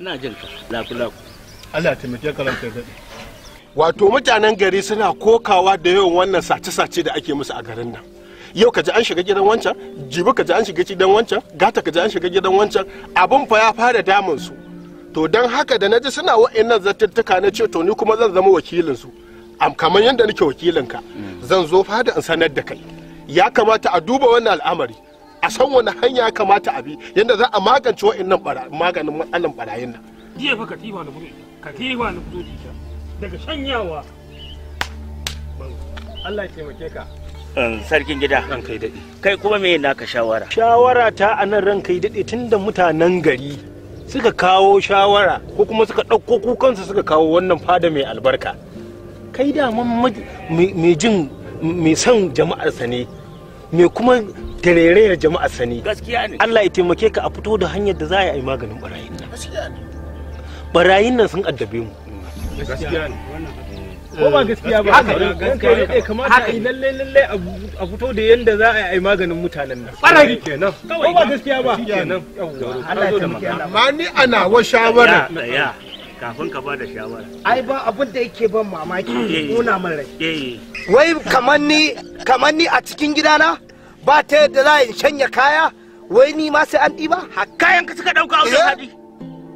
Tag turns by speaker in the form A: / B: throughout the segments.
A: ina jin ka laku laku Allah taimake ka ranka daɗe wato mutanen gari suna kokawa da yawan wannan sace-sace da ake musu a garin nan yau ka ji an shiga gidan wancan jibi ka ji an shiga gidan wancan gata ka ji an shiga gidan wancan abin fa ya fara damun su to don haka da na ji suna wa'annan zartattuka na ce to ni kuma zan zama wakilin su am kamar yadda nake wakilinka zan zo fada in sanar da kai ya kamata a duba wannan al'amari a san wani hanya kamata a bi yadda za a magance wa'annan maganin matsalan barayin nan jiya fa katifa na fito katifa na fito jika daga shanyawa Allah ya taimake ka
B: eh, sarkin gida ran kai
A: kai kuma me naka shawara shawara ta a nan ran kai tun da mutanen gari suka kawo shawara ko kuma suka ɗauko kukansu suka kawo wannan fada mai albarka kai da mai jin mai son jama'arsa ne me kuma tarerayar jama'a sani
B: gaskiya ne Allah ya
A: taimake ka a fito da hanyar da za a yi maganin
B: barayin nan gaskiya ne barayin nan sun addabe mu gaskiya ne
A: ko ba gaskiya ba haka ne kai kamata yi lalle lalle a fito da yanda za a yi maganin mutanen nan barayi kenan ko ba gaskiya ba kenan Allah ya taimake ma ni ana wa shawara kafin ka bada shawara
B: ai ba abin da yake ban mamaki eh. nuna min rai eh. wai kamar ni kamar ni a cikin gidana ba ta yadda za in shanya kaya wai ni ma sai an ɗiba kayan ka suka ɗauka audun eh? hadi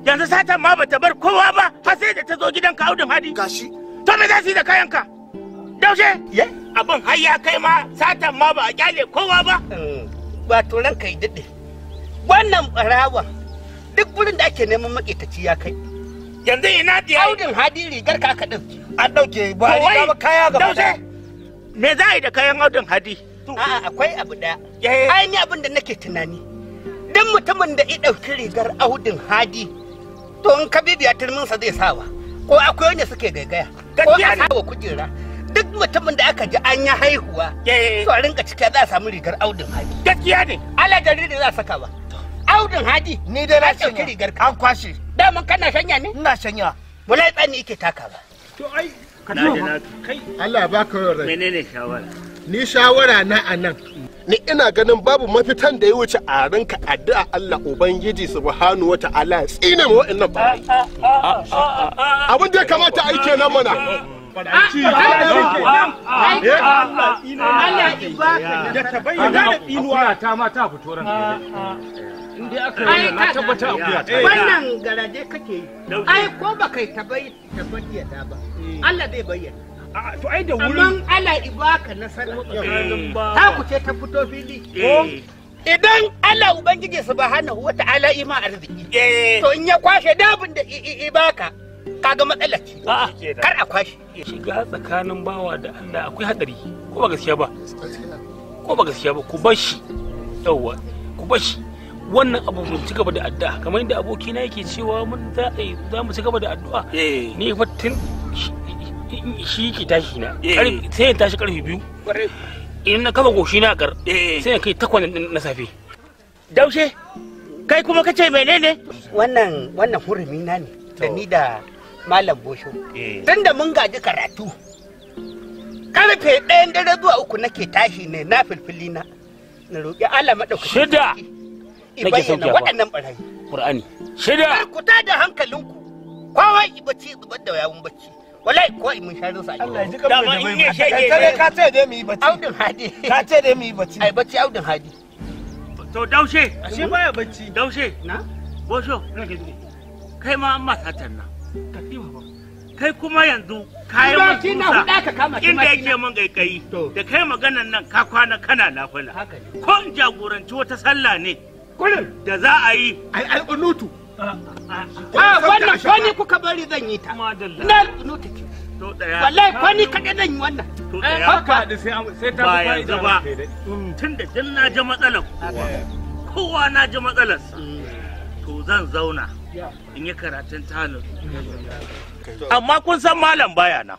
B: yanzu satan ma bata bar kowa ba har sai da ta zo gidan ka audun hadi gashi to me za su yi da kayan ka daushe abin har ya kai ma satan ma ba a kyale kowa ba Ba to ranka yi daɗe wannan barawa duk wurin da ake neman maƙetaci ya kai yanzu ina diya audin hadi rigar kaka din an dauke ba riga ba kaya gaba da me za a yi da kayan audin hadi a'a akwai abu daya ai ni abin da nake tunani duk mutumin da ya dauki rigar audin hadi to in ka bibiya turminsa zai sawa ko akwai wanda suke gaigaya ko a sawa kujera duk mutumin da aka ji an yi haihuwa to a rinka cike za a samu rigar audin hadi gaskiya ne ala jariri za a saka ba audun hadi ni dai na shanya an kwashe daman kana shanya ne ina shanya mulai tsani yake taka ba
A: to ai ka na kai Allah ba ka rai menene shawara ni shawara na anan ni ina ganin babu mafitan da ya wuce a ranka addu'a Allah ubangiji subhanahu wata'ala ya tsine mu wa'annan ba abin da kamata kamata yi kenan mana
B: Allah ya ta bayyana ta ma ta fito ran dai aka yi na tabbata akuya ta wannan garaje kake yi ai ko ba kai tabayyata ba eh. Allah zai bayyana to ai da wuri. amman Allah ibaka nasara ta ku ce ta fito fili eh. idan Allah ubangiji wa ta'ala ima arziki eh. to in ya kwashe dabin da ibaka kaga matsala ce kar a kwashe shiga tsakanin bawa da Allah akwai hadari ko ba gaskiya ba ko ba gaskiya ba ku bar shi yawwa ku bar shi wannan abu mun ci gaba da addu'a kamar yadda abokina yake cewa mun za a eh, yi za mu ci gaba da addu'a eh. ni fa tun shi ke tashi na eh. sai ya tashi karfe biyu in na kafa goshi na kar sai ya kai takwas na safe daushe kai kuma kace menene wannan wannan hurumi na ne da ni da malam bosho tunda mun gaji karatu karfe ɗayan dare zuwa uku nake tashi ne na filfili na na roƙi Allah maɗaukaki shida ki bayyana waɗannan barayi qur'ani shida kar ku ta da hankalinku kowa yi bacci zubar da yawun bacci wallahi ko mun sharin sa Allah ji kamar da bai kare ka ce dai mu yi bacci audin hadi ka ce dai mu yi bacci ai bacci audin hadi to daushe shi ya bacci daushe na bosho kai ma amma satar Ka katiba ba kai kuma yanzu kayan mun tusa inda yake mun kaikayi da kai maganan nan ka kwana kana lafala ko in jagoranci wata sallah ne kurin da za a yi ai a ah, ah, ah, wannan kwani kuka bari zan yi ta na alƙunutu ce wallahi kwani kaɗai zan yi wannan eh, haka ba yanzu ba mm, tun da jin na ji matsalar kowa na ji matsalar mm. to zan zauna in yi karatun tanin amma kun san malam baya na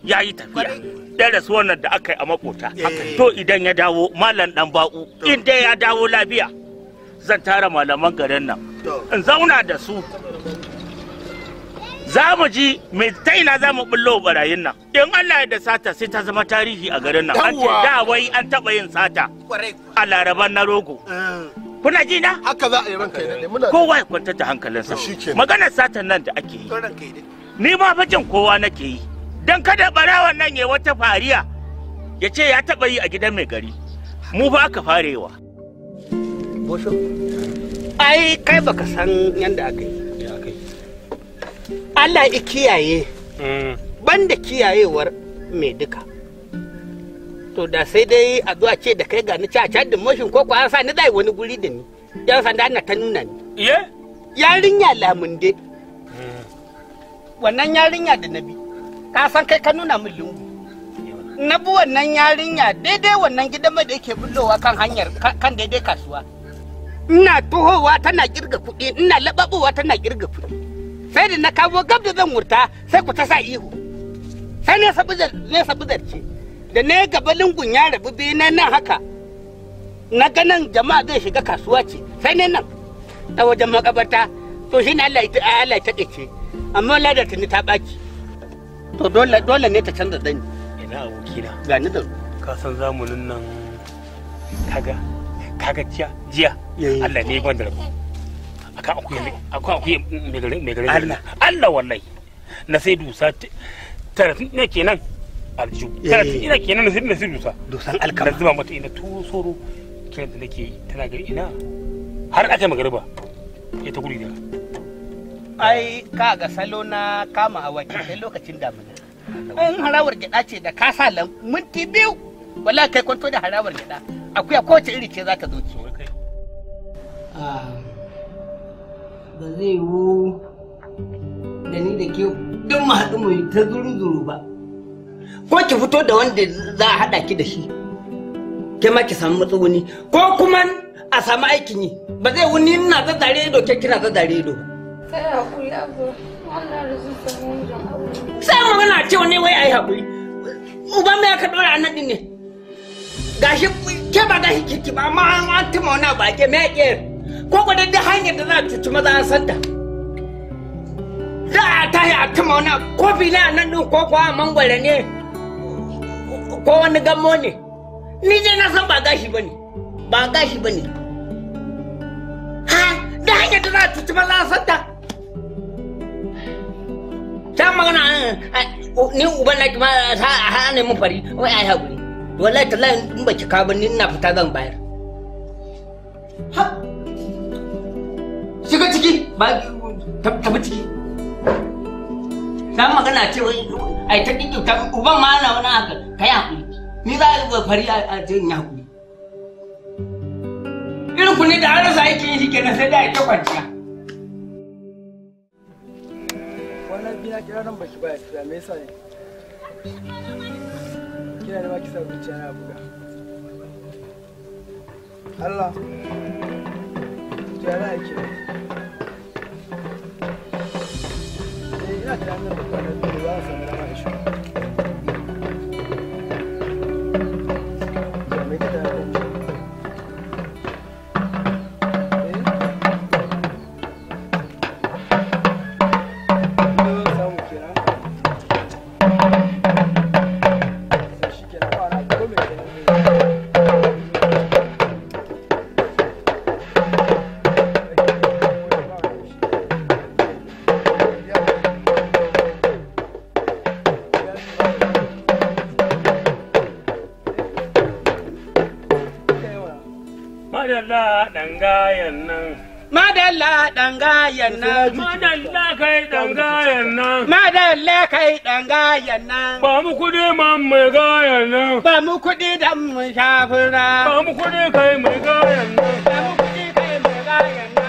B: ya yi tafiya daras wannan da aka yi a makota to idan ya dawo malam dan ba'u in dai ya dawo lafiya zan tara malaman garin nan in zauna da su za mu ji mai ta ina za mu bullo barayin nan in Allah ya da sata sai ta zama tarihi a garin nan an ce da wai an taba yin sata a laraban na rogo kuna ji na haka za a yi ranka ne kowa ya kwanta da hankalinsa maganar satan nan da ake yi ni ma bajin kowa nake yi dan kada barawan nan ya wata fariya ya ce ya taɓa yi a gidan mai gari mu ba aka farewa osho ai kai baka san yadda aka yi Allah i kiyaye mm. banda kiyayewar mai duka to da sai dai a ce da kai gani caca da mashin ko kwa sa ni zai wani guri da ni yan sanda na ta nuna ni ye yarinya lamunde mm. wannan yarinya da nabi ka san kai ka nuna min lungu na bi wannan yarinya daidai wannan gidan mai da yake bullowa kan hanyar kan daidai kasuwa ina tuhowa tana kirga kuɗi ina laɓaɓowa tana kirga kuɗi sai da na kawo gab da zan wurta sai ku ta sa ihu sai ne sabu zarce da na gaba lingun ya rabu biyu na nan haka na ganin jama'a zai shiga kasuwa ce sai ne nan ta wajen makabarta to shi ne Allah ya taɗe ce amma ladar ta ni ta ɓaci to dole ne ta canza dani ina abokina ga ni da ka san zamanin nan kaga kaga jiya jiya Allah ne ban da rabu akan akuya ne akan Allah Allah wallahi na sai dusa talatin ne kenan
A: aljihu talatin ina kenan na sai
B: na sai dusa dusan alkama na zuba mata ina tusoro kiran da nake tana gari ina har aka magariba ita guri da ai ka ga salo na kama a awaki sai lokacin damina in harawar gida ce da ka sa minti biyu wala kai kwanto da harawar gida ko kowace iri ce za ta zo ci
C: ah, ba
B: zai wu da ni da ke duk mu haɗu mu ta zuru-zuru ba ko ki fito da wanda za a haɗa ki da shi ke ma ki samu matsuguni ko kuma a samu aikin yi ba zai wuni na zazzare ido ke kina zazzare ido
C: sai hakuri abu wannan rizuta ne sai magana cewa ne wai ai
B: hakuri uba
C: mai aka dora a naɗi ne gashi ke ba
B: gashi kiki ba amma an tuma wani abu ake mai ake ko ko da hanyar da za a cuci maza an santa za a tahi a tuma wani abu ko fila nan din ko a mangwara ne ko wani gammo ne ni dai na san ba gashi ba ne ba gashi ba ne ha da hanyar da za a cuci maza an santa ta magana eh, eh, ni uban na kima ta hana mu fari wai ai haƙuri wallahi tallahi in baki ka ba ni ina fita zan bayar ha shiga ciki ba
C: tafi ciki dan magana ce wai ai ta kike ta uban ma na wani haka kai hakuri ni za a fari a jin ya hakuri
B: irin ku ne da har sai yake shi kenan sai da ta kwanciya
A: wannan biya kira nan baki baya kira me yasa ne
C: kina da baki na buga Allah na eh, ina da kwanan
B: madalla dangayen nan madalla kai dangayen nan madalla kai dangayen nan ba mu kudi ma mai gayen nan ba mu kudi dan mu shafura ba mu kudi kai mai gayen nan mu kai mai gayen nan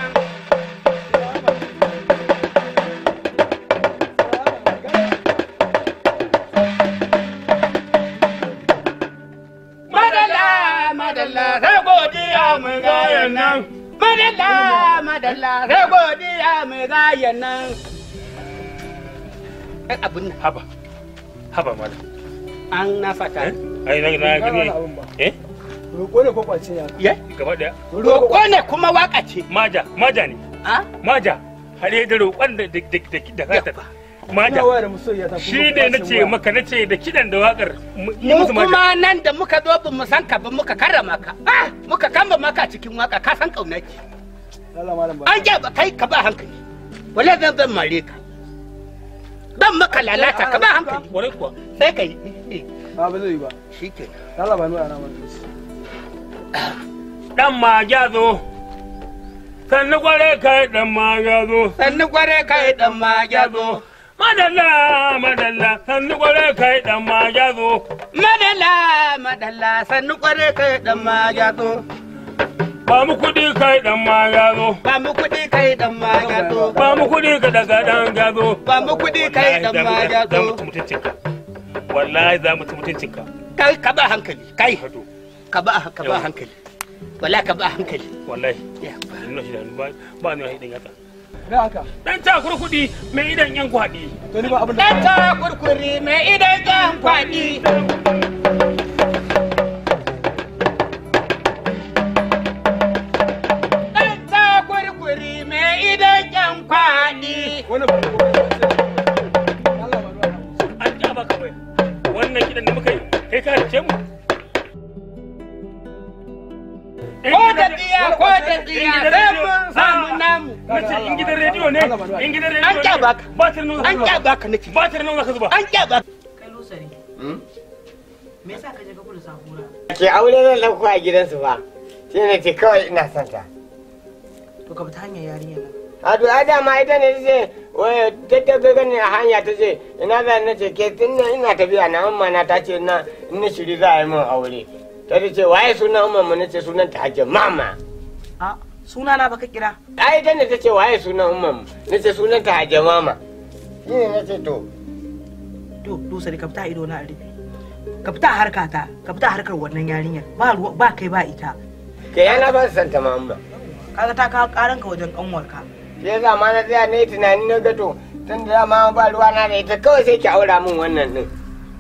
B: Madalla, madalla, nan. madalla madalla sai godiya mai gayan nan ɗan abin nan haba haba malam an na fata eh? ai na na gani eh roƙo ne ko kwace ya ya gaba daya roƙo ne kuma waka ce maja maja ne a ah? maja hare da roƙon da da da da ka tafi mada
A: shi ne na ce maka
B: na ce da kidan da wakar mu kuma nan da muka zo bin mu san ka bin muka karrama ka ah muka kamba maka cikin waka ka san kauna ki an ja ba kai ka ba hankali wala zan zan mare ka dan maka lalata ka ba hankali wala kuwa sai kai ba ah, ba zai ba shike Allah ba nuna mana dan ma ja zo sannu kware kai dan ma ya zo sannu kware kai dan ma ya zo madalla madalla sannu kware kai dan ma ya zo madalla madalla sannu kware kai dan ma ya zo ba mu kudi kai dan ma ya zo ba mu kudi kai dan ma ya zo ba mu kudi ka daga dan ya zo ba mu kudi kai dan ma ya zo za mu ci mutuncinka wallahi za mu ci mutuncinka kai ka ba hankali kai ka ba ka ba hankali wallahi ka ba hankali wallahi ba ni ba ni hidin yata Dan ta kurkudi mai idan yan kwaɗi. Dan ta kurkuri mai idan yan kwaɗi.
C: cikin an kya
B: baka batir nan an kya baka nake zuba an kya baka
C: kai hmm? me yasa ka je ka kula sahura ke aure nan na kuwa gidansu ba sai ne ce kawai ina son ta to ka bi ta hanyar yarinya a to a
B: dama ita ne ce wai tattabe gani a hanya ta ce ina za na ce ke tun ina tafiya na amma na ta ce na shiri za a yi min aure ta ce waye sunan amma na ce sunan ta hajjar mama
C: suna na baka kira
B: ai dan ne tace waye sunan umman nace sunan ta Hajiya Mama
C: ni ne nace to to to sai ka fita ido na rufe ka fita harka ta ka fita harkar wannan yarinyar ba ruwa ba kai ba ita
B: ke yana ba san ta mama
C: kaga ta ka karan ka wajen kanwarka sai za ma na tsaya ne tunani na gato tun da ma ba ruwa na da ita kawai sai ki aura min wannan din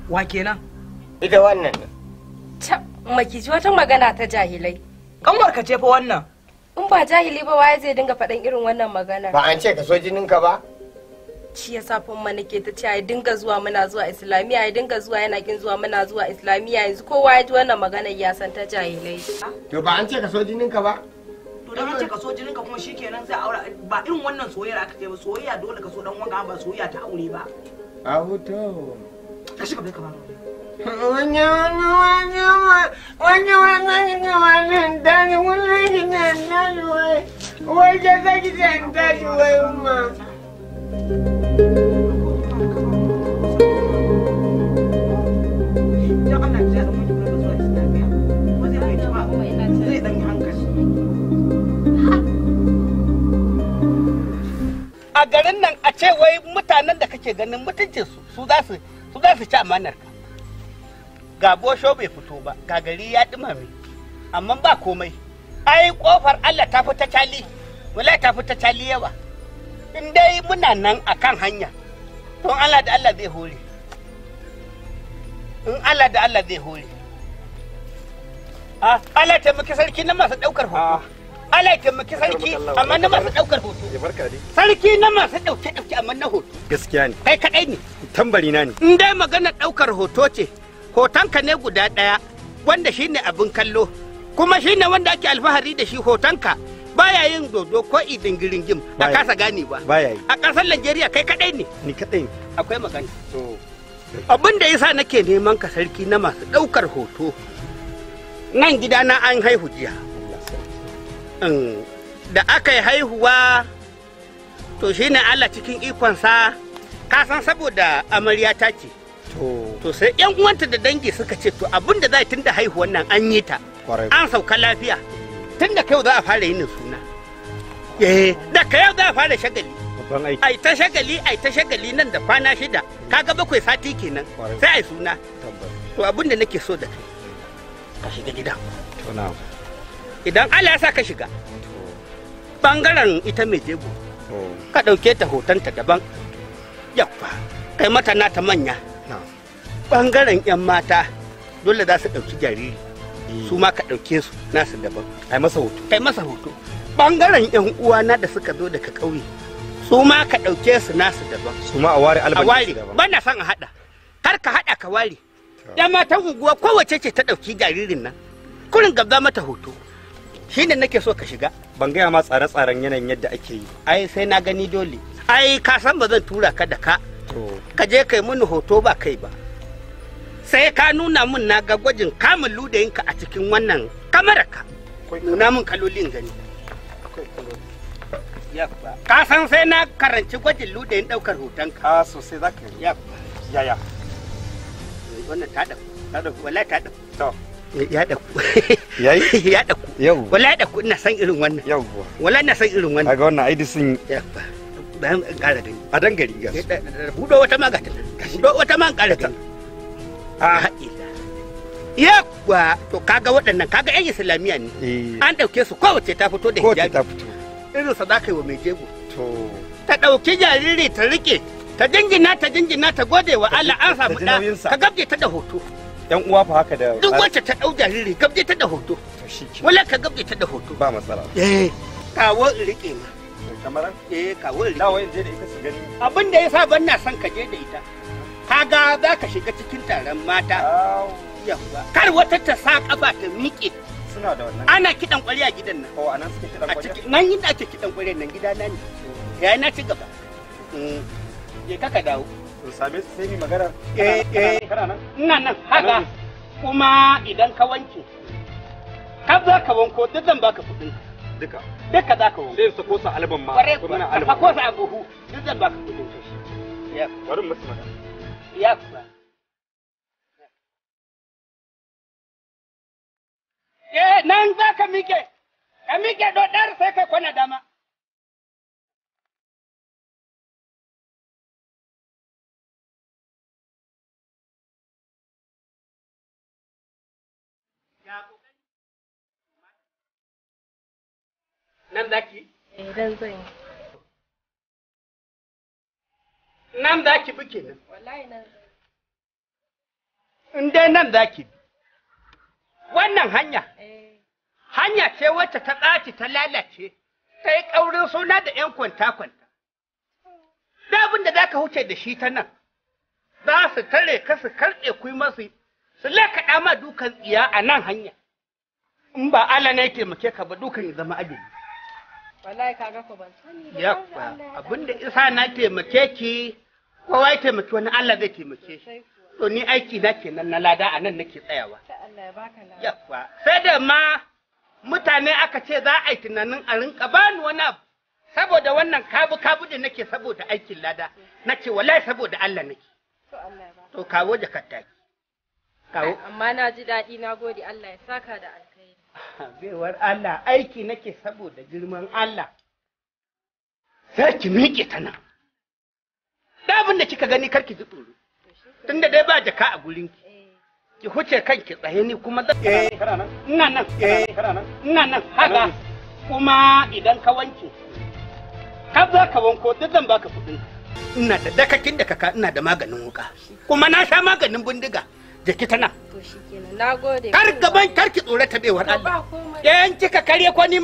C: wa kenan ita wannan ta maki wata magana ta jahilai kanwarka ce fa wannan in ba jahili ba waye zai dinga faɗan irin wannan magana ba an ce ka
A: so jinin ka ba
C: shi ya sa fama nake ta ce ya dinga zuwa muna zuwa islamiyya ya dinga zuwa yana kin zuwa muna zuwa islamiyya yanzu kowa ya ji wannan magana ya san ta jahilai
A: to ba an ce ka so jinin ka ba
C: to dan an ce ka so jinin ka kuma shikenan sai aure ba irin wannan soyayya aka ce ba soyayya dole ka so dan wanga ba soyayya ta aure ba
A: a hoto ka shiga bai ka ba
B: a garin nan a ce wai mutanen da kake ganin mutuncin su za su ci amanar ka ga bosho bai fito ba ga gari ya dumame amma ba komai ai kofar Allah ta fita cali wallahi ta fita cali yawa in dai muna nan akan hanya to Allah da Allah zai hore in Allah da Allah zai hore ah, Allah taimaki sarki na masu daukar ah. hoto Allah taimaki sarki amma na masu daukar hoto sarki na masu dauke dauke amma na hoto gaskiya ne kai kadai ne tambari na ne in dai magana daukar hoto ce hotonka ne guda ɗaya wanda shine abin kallo kuma shine wanda ake alfahari da shi hotonka baya yin dodo ko idin giringim a kasa gane ba a ƙasar Najeriya kai kadai ne ni akwai magana abin da yasa nake neman ka sarki na masu ɗaukar hoto nan gidana an haihu jiya mm, da aka yi haihuwa to shine Allah cikin ikonsa ka san saboda amarya ta ce to sai yan uwanta da dangi suka ce to abin da za tun da haihuwan nan an yi ta an sauka lafiya tun da kai za a fara yin suna eh da kai yau za a fara shagali ai ta shagali ai ta shagali nan da kwana shida kaga bakwai sati kenan sai ai suna to abin da nake so da kai ka shiga gidan idan Allah ya sa ka shiga bangaren ita mai jego ka ɗauke ta hotonta daban yawwa kai mata ta manya bangaren 'yan mata dole za su ɗauki jariri hmm. su ma ka ɗauke su nasu daban ai masa hoto kai masa hoto bangaren 'yan uwana da suka zo daga ƙauye su ma ka ɗauke su nasu daban su ma a ware albani daban bana son a haɗa kar ka haɗa ka ware yan matan unguwa kowace ce ta ɗauki jaririn nan kurin gabza mata hoto shine nake so ka shiga ban gaya ma tsare-tsaren yanayin yadda ake yi ai sai na gani dole ai ka san ba zan tura ka da ka ka je kai mini hoto ba kai ba sai ka nuna min na ga gwajin kamun ludayinka a cikin wannan kamaraka nuna min kalolin gani ka san sai na karanci gwajin ludayin daukar hoton ka ah, so sai za ka yi yaya eh, wannan ta ɗauku ta ɗauku wallahi ta ɗauku to eh, ya ɗauku yayi ya ɗauku yawwa wallahi ɗauku ina san irin wannan yawwa wallahi ina san irin wannan kaga wannan aidi sun yawwa dan ƙara gani a dan gari ga buɗo wata ma ga ta buɗo wata ma ƙara gani ilaha illa yawa to kaga waɗannan kaga yan islamiyya ne eh. an ɗauke su kowace ta fito da hijabi irin sadaka wa mai jego ta ɗauki jariri ta rike ta jingina ta jingina ta gode wa Allah an samu ɗa ka gabje ta da hoto yan uwa fa haka da duk wacce ta ɗau jariri gabje ta da hoto wala ka gabje ta da hoto ba matsala eh kawo in rike ma kamaran eh kawo in rike da ita su gani abin da yasa ban na son ka je da ita kaga za ka shiga cikin taron mata kar wata ta sa kafa ta miƙe suna da wannan ana kidan gidan nan oh anan suke kidan kwarya nan inda ake kidan kwarya nan gida na ne yayi na ci gaba mm. je kaka dawo to same su sai ni magana eh eh kana nan ina nan haka kuma idan ka wanke ka za ka wanko duk zan baka kuɗin duka duka za ka wanko sai su kosa alban ma kwarai ka kosa abuhu
C: duk zan baka kuɗin ya bari musu magana Yakwa. Eh, nan za ka mike, ka mike dodar sai ka kwana dama. Nan za ki? Eh, dan zan yi. nan za ki bi kenan wallahi nan
B: in dai nan za ki bi wannan hanya eh. hanya ce wacce ta tsaci ta lalace ta yi ƙaurin suna da 'yan kwanta-kwanta da abin da za ka huce da shi ta nan za su tare ka su karɗe ku masu su lakaɗa ma dukan tsiya a nan hanya in ba ala ne ke muke ka ba dukan ya zama ajin
A: wallahi ga ku ban
C: sani da
B: abin da isa na taimake ki kowa ya taimaki wani Allah zai taimake shi to ni aiki na kenan na lada a nan nake tsayawa yawa sai da ma mutane aka ce za a yi tunanin a rinka bani wani abu saboda wannan kabu kabu da nake saboda aikin lada na ce wallahi saboda Allah nake to kawo kattaki kawo
C: amma na ji daɗi na gode Allah ya saka da alkhairi
B: baiwar Allah aiki nake saboda girman Allah sai ki miƙe ta nan da abin da kika gani karki ji tsoro tunda dai ba jaka a gurin ki ki huce kanki tsaye ni kuma zan eh ina nan eh ina nan haka kuma idan ka wanke ka za ka wanko duk zan baka kudin ina da dakakin da kaka ina da maganin wuka kuma na sha maganin bindiga
C: jiki tana to shikenan nagode kar gaban karki tsore ta bewar Allah eh kika kare ko ni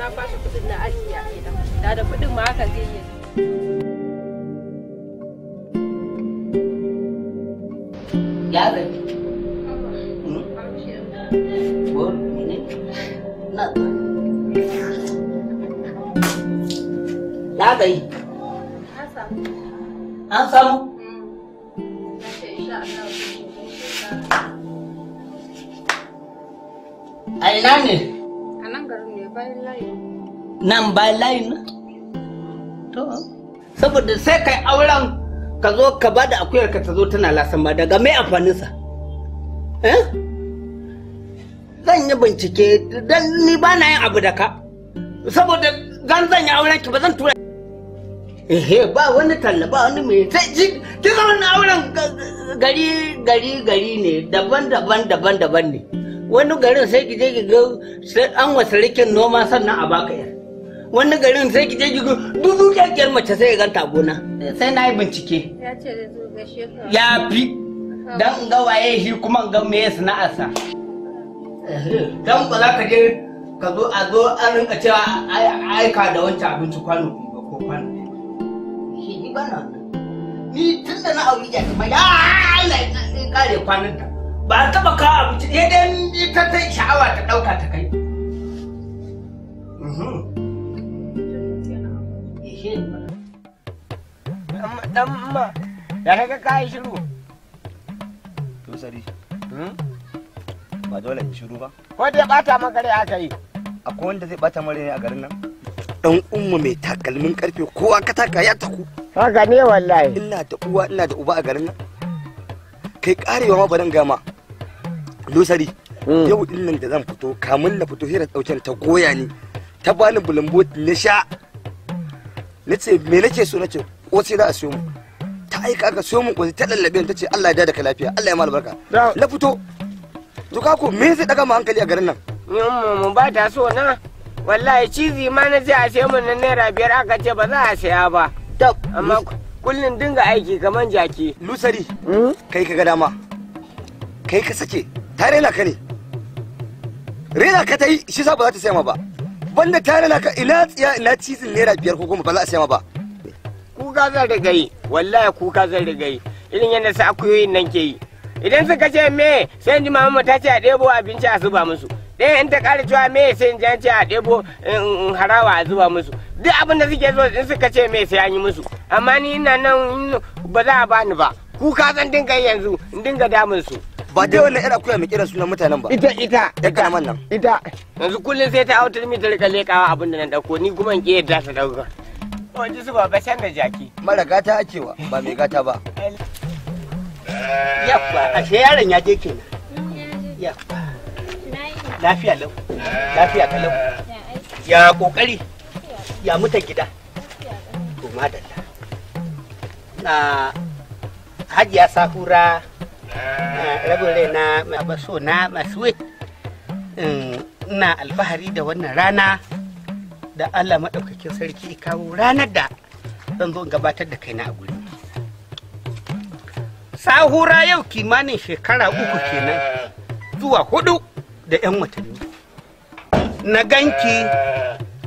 C: na kwashe kuɗin na ajiye a gida da da kuɗin ma haka zai yi ya zai An hmm? samu. An samu? Hmm. A ina ne?
B: bayan layin.
C: Nan bayan layin
B: To, saboda sai kai auren ka zo ka ba da akuyar ka ta zo tana lasan ba daga mai amfaninsa. Eh? Zan yi bincike don ni ba na yin abu da ka. Saboda zan zan yi auren ki ba zan tura. Ehe ba wani talla ba wani mai sai ji ki zama na auren gari gari gari ne daban daban daban daban ne. wani garin sai ki je ki ga an wasa rikin noma sannan a baka yar wani garin sai ki je ki ga dubu kyakkyar mace sai ya ganta gona sai na yi bincike ya fi dan in ga waye shi kuma in ga me sana'arsa dan ba za ka je ka zo a zo an rinka cewa aika da wancan abinci kwano ko kwano
C: shi ni ba ni tun da na auri ya ta ba ya
B: kare ta ba taba kawo abinci ɗaya, dan ita ta sha'awa ta ta kai
C: dan mhm. ma ya kaga kai shiru
B: to sari hmm? ba dole in shiru ba ko aka yi akwai wanda zai bata mare a garin nan dan umma mai takalmin karfe kowa ka taka ya taku haka ne wallahi ina da uwa ina da uba a garin nan kai karewa ma baran gama losari mm. yau din da zan fito kamun na fito hira dauken ta goya ni ta bani bulambot na sha na ce me nake so nace sai za a siyo mu ta aika ka siyo mu kosai ta lallabe ta ce Allah ya da ka lafiya Allah ya ma albarka na fito to ka ko me zai daga mu hankali a garin nan
C: mu ba ta so na wallahi cizi ma na ce a sai mun na naira biyar aka ce ba za a saya ba
B: amma kullum dinga aiki kaman jaki lusari mm? kai ka ga dama kai ka sake ta rena ka ne rena ka ta yi shi sa ba za ta sayama ma ba banda ta rena ka ina tsiya ina cizin naira biyar ko goma ba za a sayama ma ba kuka zan riga yi wallahi kuka zan riga yi irin yadda sa akuyoyin nan ke yi idan suka ce me sai in ji mama ta ce a ɗebo abinci a zuba musu ɗaya in ta ƙara cewa me sai in ji an ce a ɗebo harawa a zuba musu duk abin da suke so in suka ce me sai an yi musu amma ni ina nan ba za a bani ba kuka zan dinga yanzu in dinga damun su ba dai wannan yar akuya mai kiran sunan mutanen ba ita ita ita karaman nan ita yanzu kullun sai ta autar mi ta rika lekawa abin da nan dauko ni kuma in ke yadda ta dauka wani su ba san da jaki mara gata ake wa ba mai gata ba yabba she yaron ya je kenan yabba lafiya lau lafiya lau ya kokari ya muta gida to madalla na hajiya sahura rabin rai na maso na masu ina alfahari da wannan rana da allah maɗaukakin sarki kawo ranar da zan zo gabatar da kaina a guri sahura yau kimanin shekara uku kenan zuwa hudu da 'yan watanni na ganki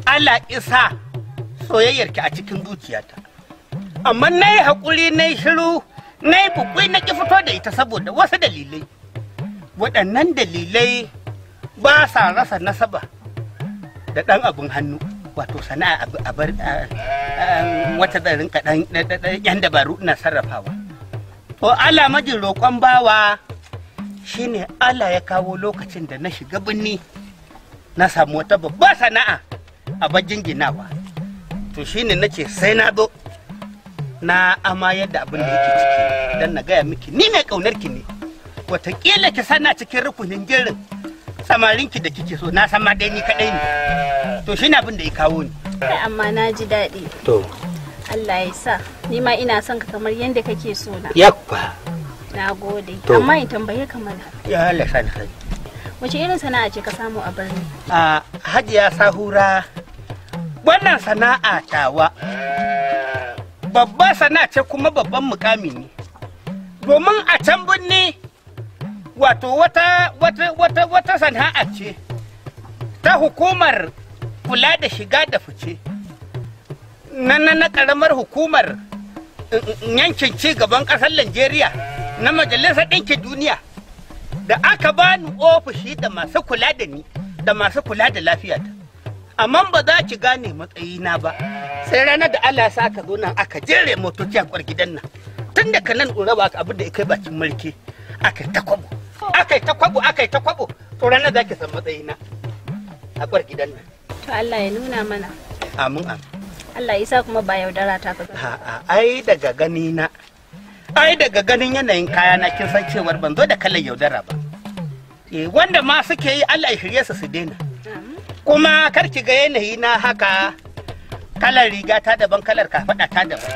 B: ala isa soyayyarki a cikin zuciyata amma na yi haƙuri na shiru na yi bukwai na ki fito da ita saboda wasu dalilai waɗannan dalilai ba sa rasa nasaba da ɗan abin hannu wato sana'a a bar wata zarin kaɗan yan dabaru na sarrafawa to ala majin roƙon bawa shine ala ya kawo lokacin da na shiga birni na samu wata babba sana'a a bajin ginawa to shine ce sai na zo na amayar da abin da yake ciki don na gaya miki ni ne kaunar ki ne watakila ki sana cikin rukunin girin samarin ki da kike so na san ma dai ni kadai ne to shi abin da ya kawo ni kai amma na ji daɗi to
C: Allah ya sa ni ma ina son ka kamar yadda kake so na
B: yakwa
C: na gode amma in tambaye ka mana
B: ya Allah sani sani
C: wace irin sana'a ce ka samu a birni
B: a hajiya sahura wannan sana'a tawa babba sana ce kuma babban mukami ne domin a can birni wato wata wata wata wata sana'a ce ta hukumar kula da shiga da fice na na na karamar hukumar eh, eh, eh, yankin ci gaban kasar Najeriya na majalisar ɗinkin duniya da aka bani ofishi da masu kula da ni da masu kula da lafiya amma ba za ki gane matsayina ba sai ranar da Allah ya sa aka zo nan aka jere motoci a gidan nan tun da kanan uraba ka abin da kai bakin mulki aka ta kwabo aka ta kwabo aka ta kwabo to ranar da ki san matsayina a kwar gidan nan
C: to Allah ya nuna mana amin amin Allah ya sa kuma ba yaudara ta
B: ka ha a'a ai daga gani na ai daga ganin yanayin kaya na kin san cewar ban zo da kallon yaudara ba eh wanda ma suke yi Allah ya shirye su su daina kuma kar ki ga yanayi na haka kalar riga ta daban kalar kafaɗa ta daban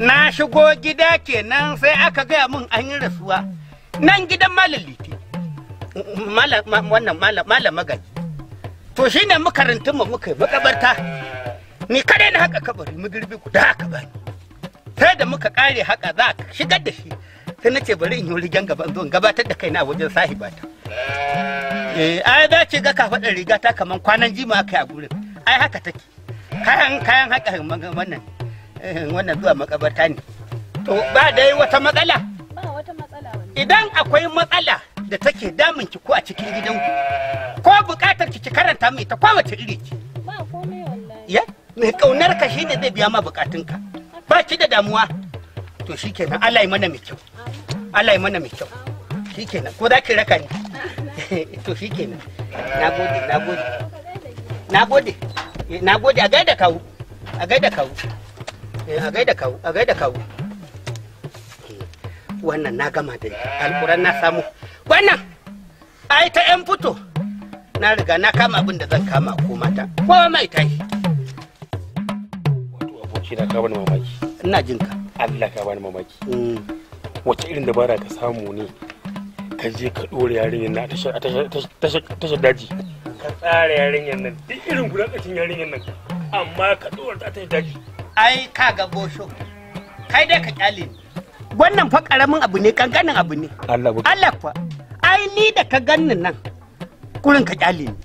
B: na shigo gida kenan sai aka gaya min an yi rasuwa nan gidan malam liti wannan malam magaji to shine muka rintuma muka yi makabarta ni kare na haka kabari ku guda haka bani sai da muka kare haka za ka shigar da shi sai na ce bari in yi rigen gaban zuwan gabatar da kaina wajen sahibata eh ai za ce ga ka faɗa riga ta kaman kwanan jima aka yi a gurin ai haka take kayan kayan haka wannan eh, wannan zuwa makabarta ne to ba dai wata matsala idan akwai matsala da take damun ki ko a cikin gidanku ko bukatar ki ki karanta mai ta kowace iri ce
C: ba komai wallahi
B: ya mai kaunar ka shine zai biya ma ka. ba ki da damuwa to shikenan Allah ya mana mai kyau Allah ya mana mai kyau shikenan ko za ki raka ni to shikenan
C: nagode nagode
B: nagode Eh, na gode a gaida kawo a gaida kawo eh, a gaida kawo a gaida kawo eh, wannan na gama da Alƙuran na samu wannan ai ta yan fito na riga na kama abin da zan kama ko mata ko mai tai wato aboki na ka bani mamaki ina jin ka Allah ka bani mamaki mm. wace irin dabara ka samu ne
A: ka je ka dore yarinyar na tashar daji
B: ka tsara yarinyar nan duk irin guda tsakin yarinyar nan amma ka tsohon ta yi daji ai ka ga bosho kai dai ka kyale ni wannan fa karamin abu ne kankanin abu ne Allah fa ai ni da ka ganni nan kurin ka kyale ni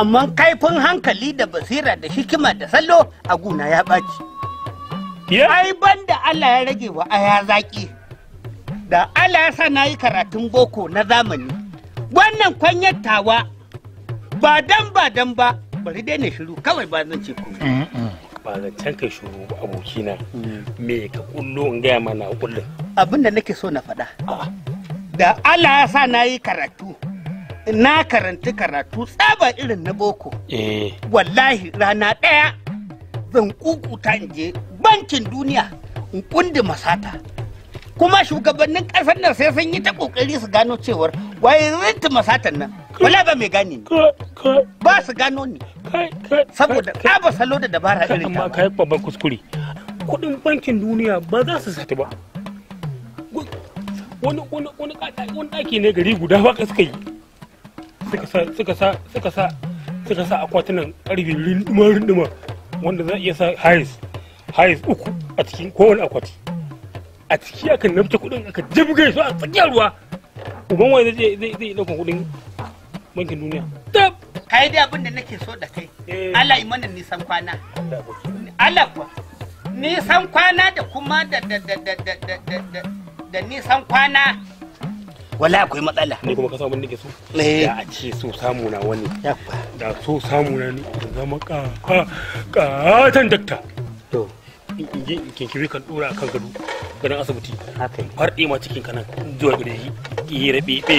B: amma kaifin hankali da basira da hikima da salo a guna ya ɓaci ai ban da Allah ya rage wa aya zaki da Allah ya sa na yi karatun boko na zamani wannan kwanyar tawa ba dan ba dan ba bari dai na shiru kawai ba zan ce komai ba can kai shiru abokina me ka kullo in gaya mana kullum abin da nake so na faɗa da Allah ya sa na yi karatu na karanti karatu tsaba irin na boko eh. wallahi rana ɗaya zan kukuta in je bankin duniya in kundi masata kuma shugabannin ƙasar nan sai sun yi ta kokari su gano cewar waye ta masatan nan wala ba mai gane ni ba su gano ni saboda tsaba salo da dabara irin ta amma kai
A: babban kuskure
B: kudin bankin duniya ba za su sati ba wani wani wani wani daki ne gari guda ba ka suka yi suka sa suka sa suka sa suka
A: sa akwatunan karfe rinduma rinduma wanda za a iya sa hayes hayes uku a cikin kowane akwati a ciki aka nafta kuɗin aka jibge su a tsakiyar ruwa
B: uban wani zai zai zai dauka kudin bankin duniya tab kai dai abin da nake so da kai eh. Allah yi mana nisan kwana Allah kuwa nisan kwana da kuma da da da da da da da da nisan kwana wala akwai matsala ni kuma ka samu nake so eh. da a ce so samu na wani da so
A: samu na ni zama ka
B: ka katan dakta to kinkiri kan dora kan gado gadon asibiti har ma cikin kanan zuwa gare yi rabe be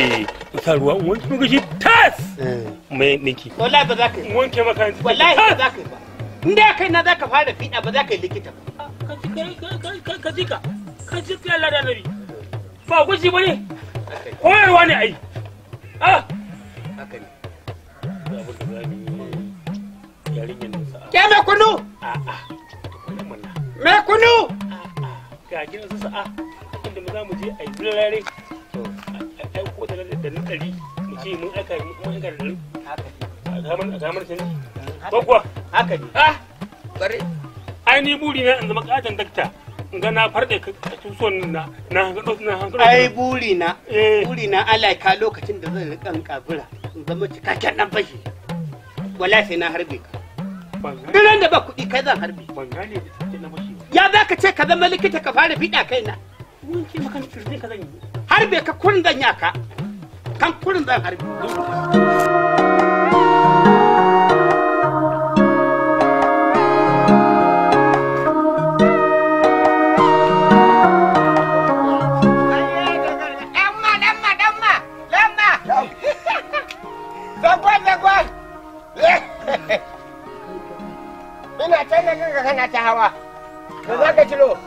B: sa ruwa tas eh. mai ninki wallahi ba za ka wanke maka wallahi ba za ka ba in kai na za ka fara fiɗa ba za ka yi likita ba ah, ka ji ka ka ji ka nabi ba ba ne koyarwa ne ai ah haka ne ya kunu a'a Me kunu! Ga gina sa'a, ah, mu je a yi A da na ɗari, mu ce mun mun da A gamar Haka ne. Ah! Bari. Ai ni buri na zama katon dakta. In ga na farɗe na na hankalo na hankalo. Ai buri na. Eh. Buri na Allah ka lokacin da zan riƙa kabura. In zama cikakken fashi. Wala sai na harbe ka. Duk da ba kuɗi kai zan harbe. Ban gane. ya za ka ce ka zama likita ka fara fiɗa kai na mun ce ka harbe ka kurin zan ya ka kan kurin zan harbe Ina can nan ga kana ta hawa. Me za ka ciro?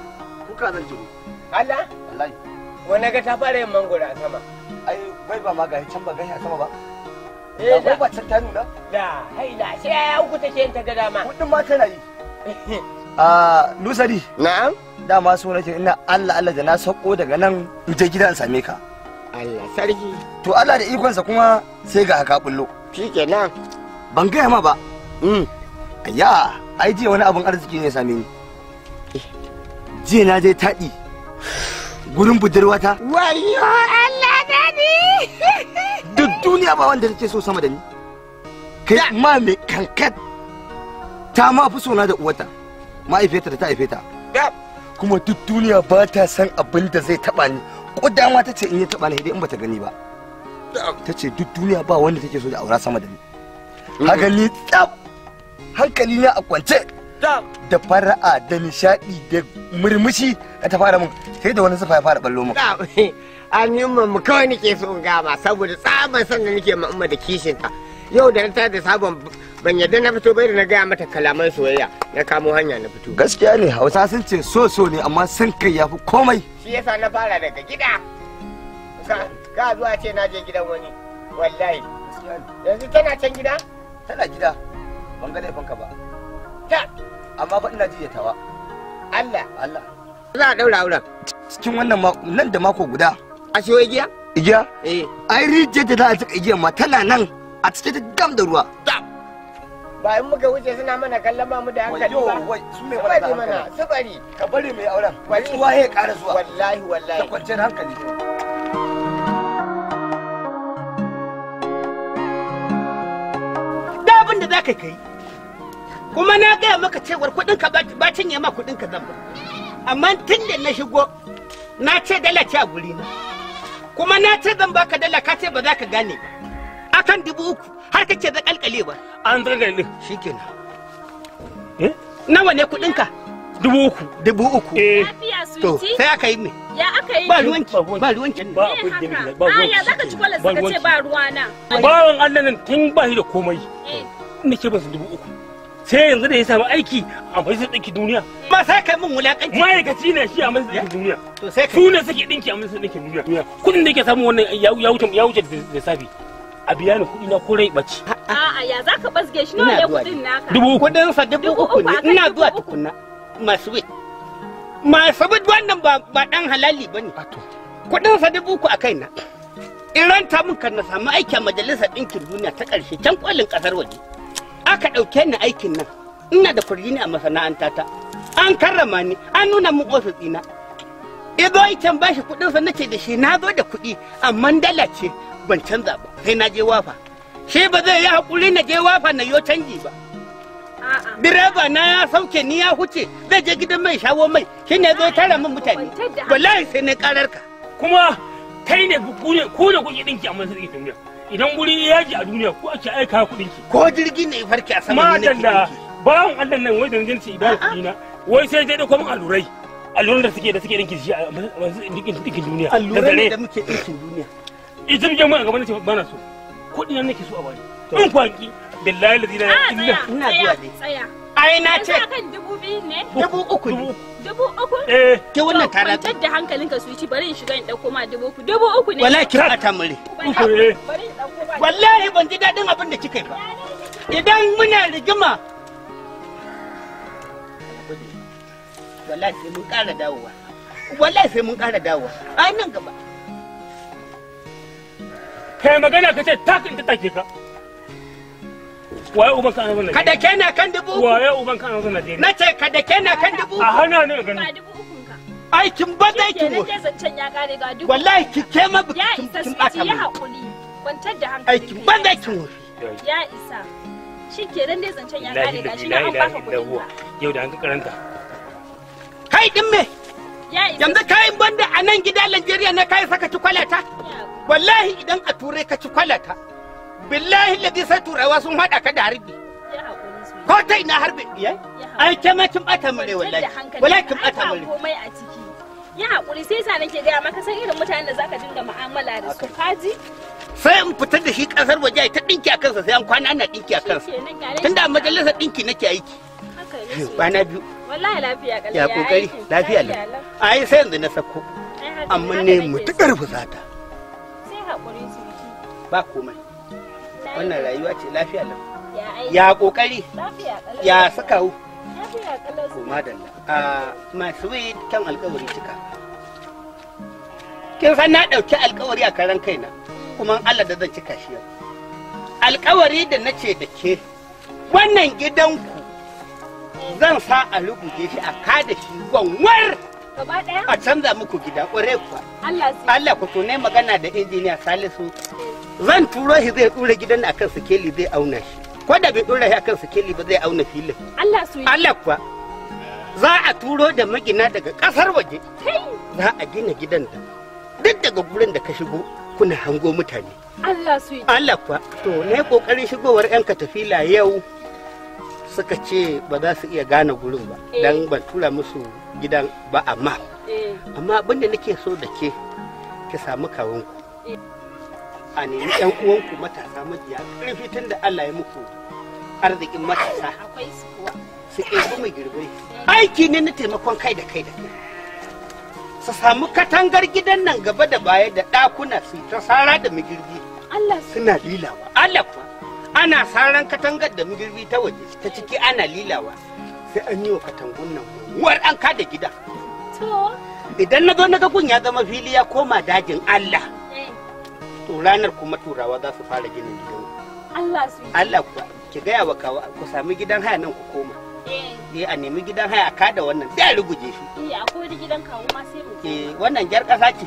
B: Kuka zan ciro. Allah? Wallahi. Wani ga ta fara yin mangoro a sama.
C: Ai bai ba ma ga can ba gani a sama ba. Eh da ba ta tanu na. Da haila sai ya uku take ta ga dama. Kudin ma tana yi.
B: a Lusari. Na'am. Dama so nake ina Allah Allah da na sako daga nan in je gidan same ka. Allah sarki. To Allah da ikonsa kuma sai ga haka bullo. Shikenan. Ban gaya ma ba. Mm. Ayya, ai jiya wani abin arziki ne same ni. jiya na je taɗi gurin budurwata wayo Allah
C: da ni
B: duk duniya ba wanda take so sama da ni kai ma mai kankan ta ma fi sona da uwata ma'aifeta da ta haife ta kuma duk duniya ba ta san abin da zai taba ni kuda ma ta ce in ya taba ni dai in ta gani ba ta ce duk duniya ba wanda take so da aura sama da ni mm. haka ni tsaf hankali na a kwance da fara'a da nishadi da murmushi da ta fara mun sai da wani zufa ya fara ballo mun an yi mu kawai nake so gama saboda tsaban san da nake ma'amma da kishin ta yau da ta da sabon ban yadda na fito bai da na gaya mata kalaman soyayya na kamo hanya na fito
A: gaskiya ne hausa sun ce
B: so so ne amma sun kai yafi komai shi yasa na fara daga gida ka zuwa ce na je gidan wani wallahi yanzu tana can gida tana gida ban ga laifinka ba amma fa ina jiya tawa Allah Allah za a daura auren cikin wannan nan da mako guda a siyo igiya igiya eh ai rije ta za a igiya ma tana nan a cikin gam dam da ruwa ba in muka wuce suna mana kallon ba mu da hankali ba wai su me wala mana sabari ka bari mai auren wai tuwa ya ƙara zuwa wallahi wallahi da kwance hankali da abin da za ka kai kuma na gaya maka cewar kudin ka ba cinye ma kudin ka zamba amma tun da na shigo na ce dala ce a guri na kuma na ce zan baka dala ka ce ba za ka gane ba akan dubu uku har kake da kalkalewa an ne shikenan eh nawa ne kudin ka dubu uku dubu uku eh. to sai aka yi me
C: ya aka yi ba ruwanki
B: ba ruwanki ba eh, abin da ne ba ruwanki ya zaka ci ka ce ba
C: ruwana bawon
B: Allah nan tun ba shi da komai eh. nake ba su dubu uku sai yanzu da ya samu aiki a majalisar ɗinki duniya ma sai kai mun wulakanci ma'aikaci ne shi a majalisar ɗinki duniya to sai su ne suke ɗinki a majalisar ɗinki duniya kuɗin da yake samu wannan ya wuce ya wuce da safe. a biya ni kuɗi na ko rai ɓaci
C: a'a ya za ka basge shi nawa ne kuɗin naka dubu
B: kuɗin sa dubu uku ne ina zuwa tukunna masu wit masu wit wannan ba ba dan halali bane kuɗin sa dubu uku a kaina in ranta mun kan na samu aiki a majalisar ɗinkin duniya ta ƙarshe can ƙwalin ƙasar waje aka ɗauke ni aikin nan ina da kurjini a masana'anta ta an karrama ni an nuna mu ofis ɗina ido can ba shi kuɗin sa nace da shi na zo da kuɗi amma dala ce ban canza ba sai na je wafa shi ba zai yi hakuri na je wafa na yo canji ba direba na ya sauke ni ya huce zai je gidan mai shawo mai shi ne zai tara min mutane wallahi sai na karar ka kuma kai ne ku ne ku ne dinki a matsayin duniya idan guri ya yaji a duniya ko ake aika kuɗin ki ko jirgi ne farki a sama ne ba bawon Allah nan wai da ci ibada kuɗi na wai sai dai da kuma alurai aluran da suke da suke dinki shi a dinki duniya alurai da muke dinki duniya idan jama'a gaban ce na so kuɗi nan nake so a bani in kwaki billahi ladina ah, ina ina biya
C: dai ai na ce kan dubu biyu ne dubu uku dubu uku eh ke wannan tara ta da hankalinka su ci bari in shiga in dauko ma dubu uku dubu uku ne wallahi kira ta mure wallahi ban ji dadin abin da kika ba idan
B: muna rigima wallahi sai mun ƙara dawowa wallahi sai mun ƙara dawowa ai nan gaba kai magana kace takin ta take ka waye na kan dubu uku nace ka na kan dubu uku a ba dai kin wo
C: ki ke ma ya ba dai
B: kin kai din me yanzu kayan banda a nan gida Najeriya na kai saka cikwalata. wallahi idan a Turai ka ci kwalata billahi ladi sai turawa sun hada ka da harbi ko ta ina harbi biyar ai ke ma kin bata mure wallahi wallahi kin bata mure
C: komai a ciki ya hakuri sai sa nake ga maka san irin mutanen da zaka dinga mu'amala da su faji
B: sai in fitar da shi kasar waje ta dinki akan sa sai an kwana ana dinki a kansa tunda a majalisar dinki nake aiki bana biyu
C: wallahi lafiya kalli ya kokari lafiya lau
B: ai sai yanzu na sako amma ne mutukar fusata sai hakuri ba komai wannan rayuwa ce lafiya lau
C: ya kokari ya hu kuma
B: dalla a ah, my sweet kan alkawari cika kin san na ɗauki alkawari a karan kaina kuma Allah da zan cika shi alkawari da na ce da ke wannan gidan ku zan sa a rubuce shi a kada shi gwanwar a canza muku gida ƙware kuwa Allah ku tunai magana da injiniya Salisu zan turo shi zai ɗura gidan a kan sikeli zai auna shi ko da bai ɗura shi a kan sikeli ba zai auna filin Allah su Allah kuwa za a turo da magina daga kasar waje za a gina gidan da duk daga gurin da ka shigo kuna hango mutane Allah su Allah kuwa to na yi kokarin shigowar yan katafila yau suka ce ba za su iya gane gurin ba eh. dan ban tura musu gidan ba amma eh. amma abinda nake so da ke ki samu kawunku a nemi yan uwanku matasa majiya ƙarfi tun da Allah ya muku arzikin matasa su ɗebi mai girbe aiki ne na taimakon kai da kai da kai su samu katangar gidan nan gaba da baya da ɗakuna su ta sara da magirbi Allah suna lilawa Allah kuwa ana saran katangar da magirbi ta waje ta ciki ana lilawa sai an yi wa katangun nan war an kada gida idan na zo na ga gun ya zama fili ya koma dajin Allah to ranar kuma turawa za su fara ginin gidan
C: Allah su Allah
B: ku ki ga wa kawa ku sami gidan haya nan ku koma eh. eh a nemi gidan haya a kada wannan sai a ruguje shi
C: eh akwai gidan kawo ma sai mu
B: eh wannan jar kasa ce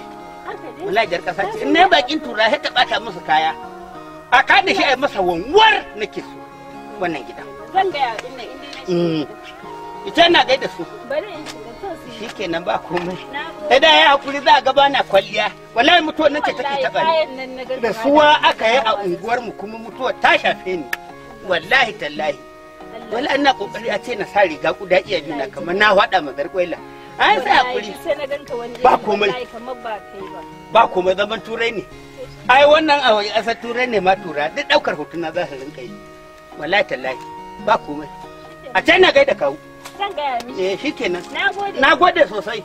B: wallahi jar kasa ce in ne bakin tura sai ta bata musu kaya a kada shi a masa wanwar nake so wannan gidan zan ga ya inda inda mm. ita na gaida su bari in shiga shikenan ba komai sai eh, da ya hakuri za a gaba na kwalliya wallahi mutuwa ce take taba
C: ni da suwa aka yi a
B: unguwar mu kuma mutuwa ta shafe ni wallahi tallahi wallahi ina kokari a ce na sa riga guda iya juna kamar na hada ma garkwaila an sai hakuri
C: ba komai
B: ba komai zaman turai ne
C: ai wannan a
B: asar turai ne ma tura duk daukar hotuna za su rinka yi wallahi tallahi ba komai a ce na gaida kawo
C: zan gaya mishi eh shikenan nagode nagode
B: sosai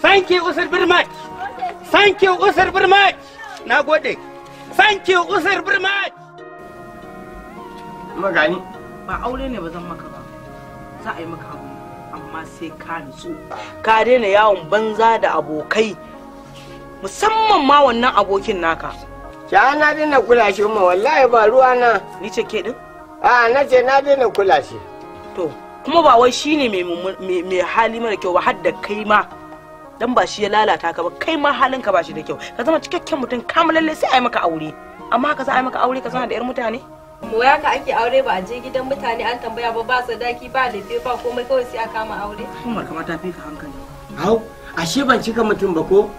B: thank you usir birmat thank you usir birmat nagode
C: thank you usir birmat magani ba aure ne ba zan maka ba za a yi maka aure amma sai ka nutsu ka daina yawon banza da abokai musamman ma wannan abokin naka ya na daina kula shi ma wallahi ba ruwa na ni ce ke din a ah, na ce na daina kula shi to kuma ba wai shine mai hali mara kyau ba hadda kai ma dan ba shi ya lalata ka ba kai ma halin ka ba shi da kyau ka zama cikakken mutum kamalalle sai a yi maka aure amma ka za a yi maka aure ka zama da yar mutane mu ya ka ake aure ba a je gidan mutane an tambaya ba ba sadaki ba lefe ba komai kawai sai a kama aure kuma kamar ta fi ka hankali
B: hau ashe ban cika mutum ba ko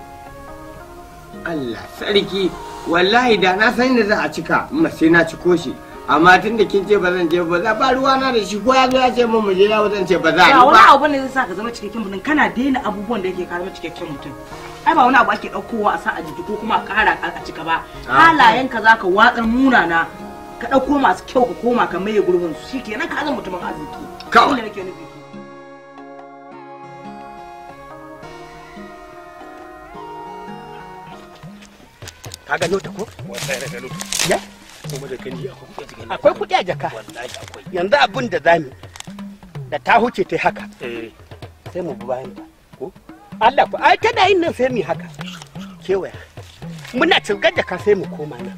B: Allah sarki wallahi da na san da za a cika amma sai na ciko shi amma tun da kin ce ba zan je ba za ba ruwa na da shi ko ya zo ya ce mun mu je yawo zan ce ba za ba wani
C: abu ne zai sa ka zama cikakken mutum kana daina abubuwan da yake kawo cikakken mutum ai ba wani abu ake ɗaukowa a sa a jiki ko kuma a ƙara a cika ba ah, halayen ka za ka watsar munana ka ɗauko masu kyau ka koma ka maye gurbin su shikenan ka zama mutumin arziki kawai nake nufi
B: ka gano ta ko? Wata ya gano ta. Ya? akwai kudi a jaka yanzu abin da zami da ta huce ta haka eh. sai mu bayan ta Allah ku ai tana yin nan sai mu haka kewaya muna cirgar jaka sai mu koma nan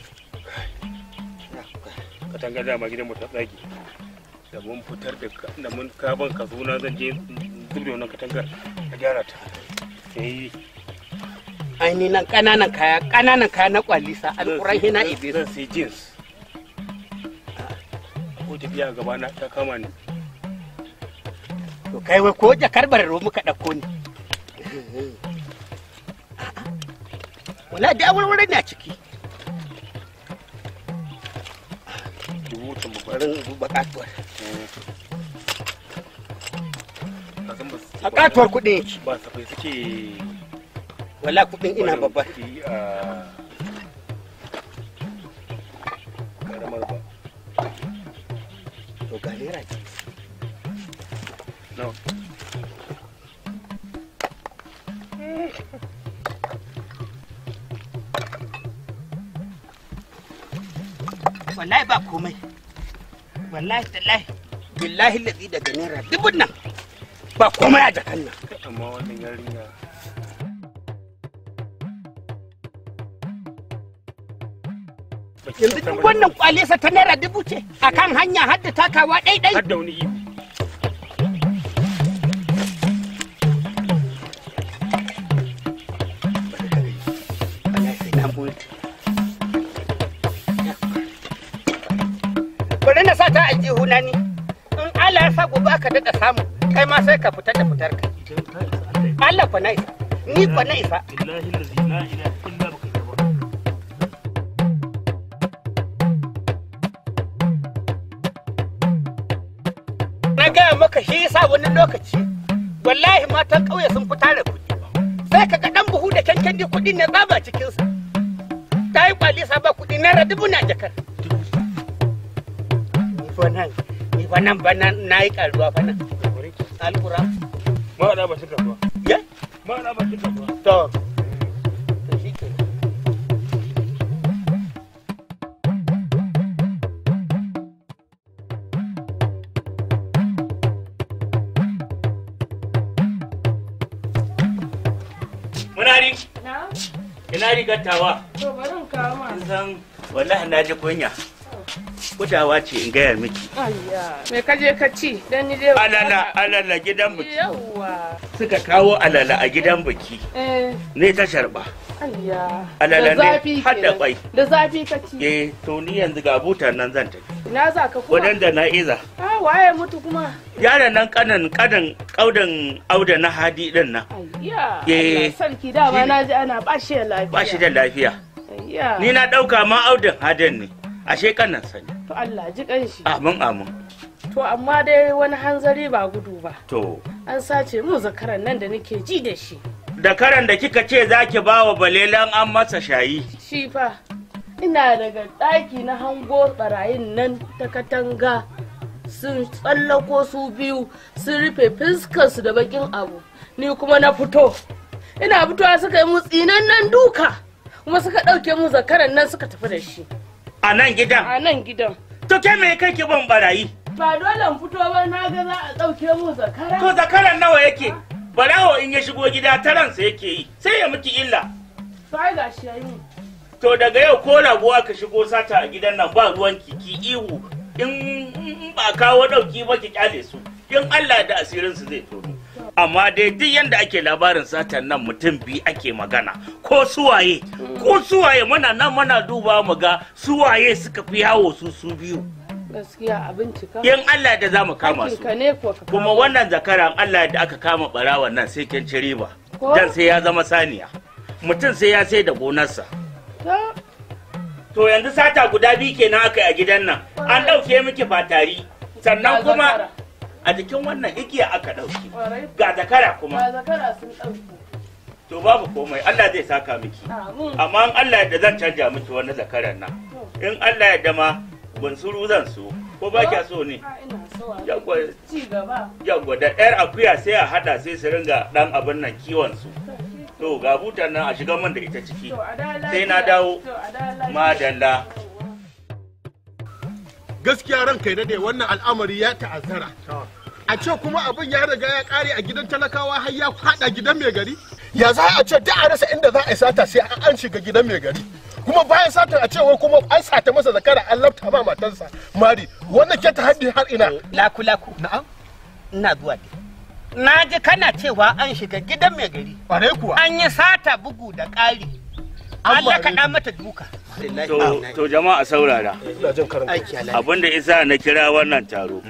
A: katanga dama gidan mu ta tsage da mun fitar da da mun kaban kaso na zan je gudu wannan katangar a gyara ta eh
B: ai ni nan kananan kaya kananan kaya na kwalisa alquran hina ibe zan sai jeans ko tafiya gaba na ta kama ni to kai wai ko jakar ro muka dauko ni wala da wurwurin na ciki a katuwar kuɗi ba suke wala kuɗin ina babbar karamar ba to ga ce no wallahi ba komai wallahi tallahi billahi ladhi daga naira dubun nan ba komai a jakan nan wannan yarinya yanzu duk wannan kwalesa ta naira dubu ce akan hanya hadda takawa ɗai-ɗai. sai ka fita da fitar ka Allah kwa na isa ni kwa na isa na gaya maka shi yasa wani lokaci wallahi matan ƙauye sun fita da kuɗi sai ka ga ɗan buhu da kyankyan kuɗi na zaba cikinsa ta yi kwalisa ba kuɗi naira dubu na jakar ni fa nan ni fa nan ba na yi ƙaruwa fa nan Alura. Ma da ba shi Ya? Ma da ba To. Munari. Ina rigar tawa.
C: To bari in kawo ma. Zan
B: wallahi na ji kunya. gudawa ce in gaya miki.
C: Me ka je ka ci dan ni dai
B: alala alala gidan biki. Yawwa. Suka kawo alala a gidan biki. Eh. Ne ta sharba.
C: Alala ne har da kwai. Da zafi ka ci.
B: Eh to ni yanzu ga buta nan zan tafi.
C: Ina za ka kuma? Wadanda na iza. Ah waye mutu kuma?
B: Yaron nan kanan kadan kaudan auda na hadi din nan.
C: Ayya. Eh sarki dama na ji ana bashi da lafiya. Bashi da lafiya. Ni na
B: dauka ma audan hadin ne. ashe kanan sani
C: to Allah ji kanshi amin amin to amma dai wani hanzari ba gudu ba to an sace mu zakaran nan da nake ji da shi
B: da karan da kika ce zaki wa balelan an masa shayi
C: shi fa ina daga ɗaki na hango barayin nan ta katanga sun tsallako su biyu sun rufe fuskarsu da bakin abu ni kuma na fito ina fitowa suka yi mu tsinan nan duka kuma suka ɗauke mu zakaran nan suka tafi da shi
B: a nan gidan a nan gidan to ke me kake ban barayi
C: ba dole in fito ba na ga za a dauke mu zakara to
B: zakaran nawa yake barawo in ya shigo gida taransa yake yi sai ya miki illa
C: sai ga shi yayi
B: to daga yau ko rabuwa ka shigo sata a gidan nan ba ruwan kiki ihu in ba kawo ɗauki ba ki kyale su in Allah da asirin su zai tono amma dai duk yadda ake labarin satan nan mutum biyu ake magana ko suwaye ko suwaye mana nan mana duba mu ga suwaye suka fi yawo su su biyu
C: gaskiya abin cika yan
B: Allah da zamu kama su kuma wannan zakara Allah da aka kama barawan nan sai kin ci riba dan sai ya zama saniya mutum sai ya sai da gonarsa to yanzu sata guda biyu kenan aka yi a gidan nan an ɗauke miki fatari sannan kuma a jikin wannan igiya aka ɗauki
C: ga zakara kuma
B: to babu komai Allah zai saka miki amma in Allah yadda zan canja miki wani zakaran nan in Allah yadda ma bunsuru zan so ko ba kya so ne yagwa da ɗayar akuya sai a haɗa sai su ringa ɗan abin nan kiwon su to ga butan nan a
A: shiga man da ita ciki
B: sai na dawo
A: madalla gaskiya ranka da dai wannan al'amari ya ta'azzara a ce kuma abin ya riga ya kare a gidan talakawa har ya hada gidan mai gari ya za a ce duk a rasa inda za a sata sai an shiga gidan mai gari kuma bayan satar a cewa kuma an sata masa zakara an lafta ba matansa mari wannan ke ta haddi har ina laku laku na'am ina zuwa
B: na ji kana cewa an shiga gidan mai gari kuwa an yi sata bugu da ƙari Allah ka dan mata duka to jama'a saurara abinda isa na kira wannan taro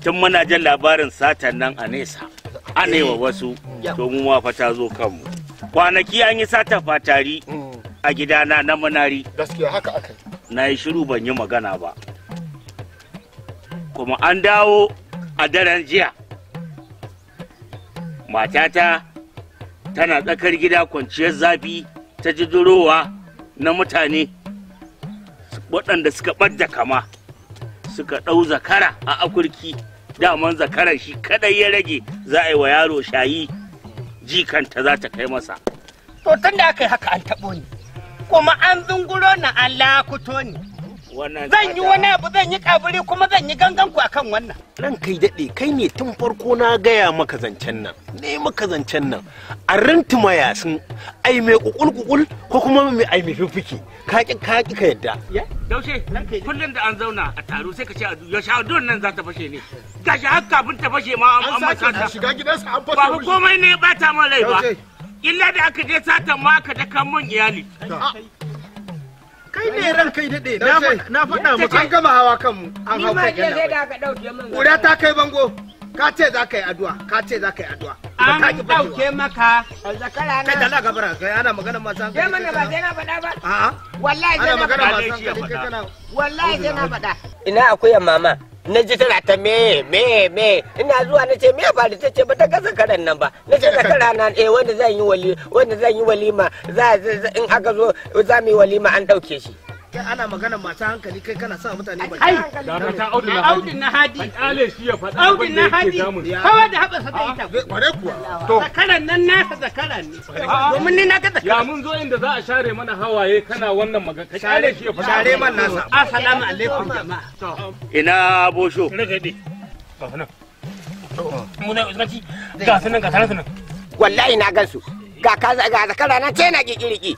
B: tun muna jin labarin satan nan a nesa anewa eh. wasu to mu ma fa ta zo kanmu kwanaki an yi sata fatari mm. a gidana na munari.
A: gaskiya haka aka
B: na yi shiru ban yi magana ba kuma an dawo a daren jiya matata tana tsakar gida kwanciyar zafi ta jijirowa na mutane waɗanda suka ɓadda kama suka ɗau zakara a akurki daman zakaran shi kaɗai ya rage za a yi wa yaro shayi jikanta za ta kai masa to tun da aka yi haka an taɓo ni kuma an zunguro na Allah kuto ne. zan yi wani abu zan yi kaburi kuma zan yi gangan ku akan wannan
A: ran kai daɗe kai ne tun farko na gaya maka zancen nan ne maka zancen nan a rintuma yasin ai mai kukul kukul ko kuma mai ai mai fifiki ka ki ka ki ka yadda
B: daushe kullum da an zauna a taro sai ka ce a ya sha don nan za ta fashe ne shi hakka abin ta fashe ma an mata ta shiga gidansa an fashe ba komai ne ba ta mai rai ba illa da aka je sata ma da kan mun iyali kai ne ran kai daɗe na faɗa maka an gama hawa kanmu an hau kan yana ƙura ta kai bango ka ce za ka yi addu'a ka ce za ka yi addu'a an ɗauke maka zakara na kai dala gabara kai ana magana ma san kai mana ba sai
C: na faɗa ba wallahi sai na faɗa wallahi sai na faɗa
B: ina akwai mama na ji tana ta me me me ina zuwa na ce me ya faru ce ba ta kasa karen nan ba na ce zakara nan eh wanda zan yi wali wanda zan yi walima za in aka zo za mu yi walima an dauke shi
C: kai ana magana masu hankali
B: kai kana sa mutane ba ai dakata audin na hadi na hadi kale shi ya faɗa audin na hadi kawai da haɓa sa ita kware kuwa to zakaran nan nasa zakaran ne domin ni na ga zakaran ya mun zo inda za a share mana hawaye kana wannan magana kale shi ya faɗa share man assalamu alaikum jama'a ina bosho ragade ga muna ga sanan ga wallahi na gansu ga kaza
C: ga zakara na ce na
B: kikiriki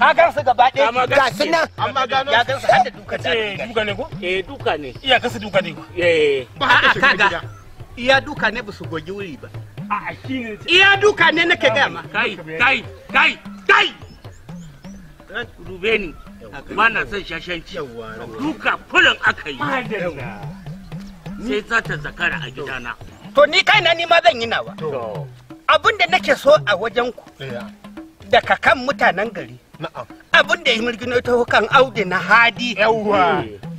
B: ka gan su gaba ɗaya ga su nan amma gano ya gan su har da duka ce eh, duka ne ko eh duka ne iya kasu duka ne eh. ba a kaga iya duka ne ba su gogi wuri ba
A: a shine iya duka ne nake ga ma kai kai
B: kai kai dube ba na son shashanci duka kullum aka yi sai za ta zakara a gidana to ni kaina ni ma zan yi nawa abin da nake so a wajen ku eh. da kakan mutanen gari abin da ya mirgino ta kan Audu na hadi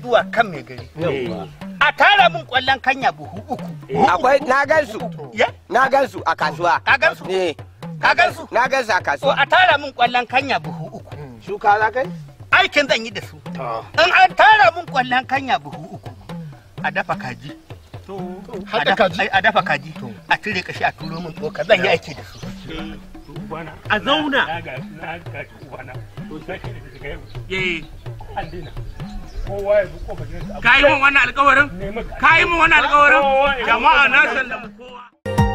B: zuwa kan mai gari a tara mun kwallon kanya buhu uku eh. akwai na gansu na gansu a kasuwa ka gansu eh. ka gansu na gansu a kasuwa a tara kwallon kanya buhu uku shuka za kai aikin zan yi da su in an tara kwallon kanya buhu uku a dafa kaji a dafa kaji a cire kashi a turo min
A: tsoka zan yi aiki da
B: su eh.
A: a zauna kayi yi
C: min alkawarin alkawarin jama'a na sallamu
A: kowa